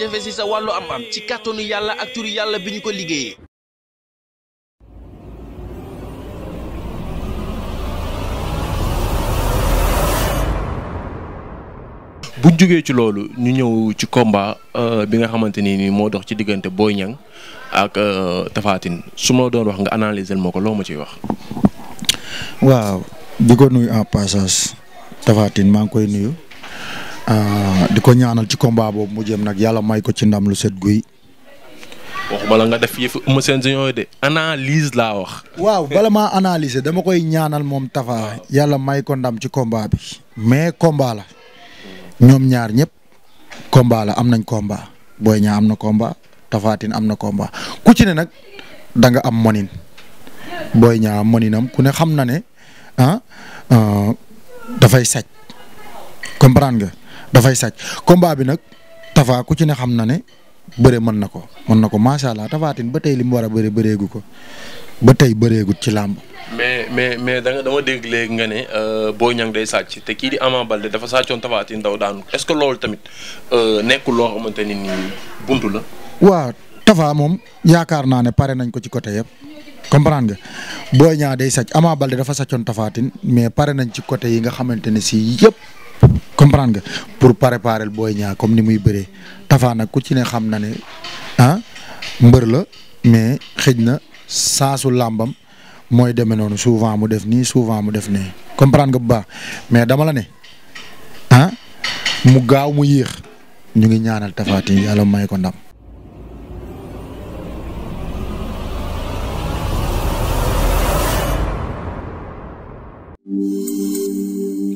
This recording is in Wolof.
jafe si sa wàllu am-am ci kàttanu yàlla ak turu yàlla bi ñu ko liggéeyee. bu jógee ci loolu ñu ñëw ci combat euh, bi nga xamante ni nii moo dox ci diggante booy ñaŋ ak euh, tafaatin Tine su ma doon wax nga analyser moo ko loo ma ciy wax. waaw di ko nuyu en passage Tapha maa ngi koy nuyu. Ah, di ko ñaanal ci combat boobu mu jëm nag yàlla may ko ci ndam lu set guy. waxuma la def yëf Eumeu Sène Junior laa wax. waaw bala maa dama koy ñaanal moom Tafa yàlla may ko ndam ci combat mais combat ñoom ñaar ñëpp combat am nañ combat Boy Niang am na combat Tapha am na combat ku nag da nga am monin Boy Niang moninam ku ne xam na ne ah, ah dafay saj comprendre nga. dafay sàcc combat bi nag Tapha ku ci ne xam na ne bëre mën na ko mën na ko macha allah Tapha ba tey li mu war a bëre bëreegu ko ba tey bëreegut ci làmb. mais mais mais da nga dama dégg nga ne euh, Boy Niang day sàcc te kii di Ama Baldé dafa sàccoon Tapha Tine daw est-ce que loolu tamit euh, nekkul loo nii buntu la. waaw Tapha moom yaakaar naa ne pare nañ ko ci côté yëpp. comprendre nga Boy day sàcc Ama Baldé dafa sàccoon Tapha mais pare nañ ci côté yi nga xamante ne si yëpp comprendre nga pour préparer booy ñaa comme ni muy bëree tafaa nag ku ci ne xam na ne ah mbër la mais xëj na saasu làmbam mooy demee noonu souvent mu def nii souvent mu def nii comprendre nga bu baax mais dama la ne ah mu gaaw mu yéex ñu ngi ñaanal Tapha Tine yàlla may ko ndam.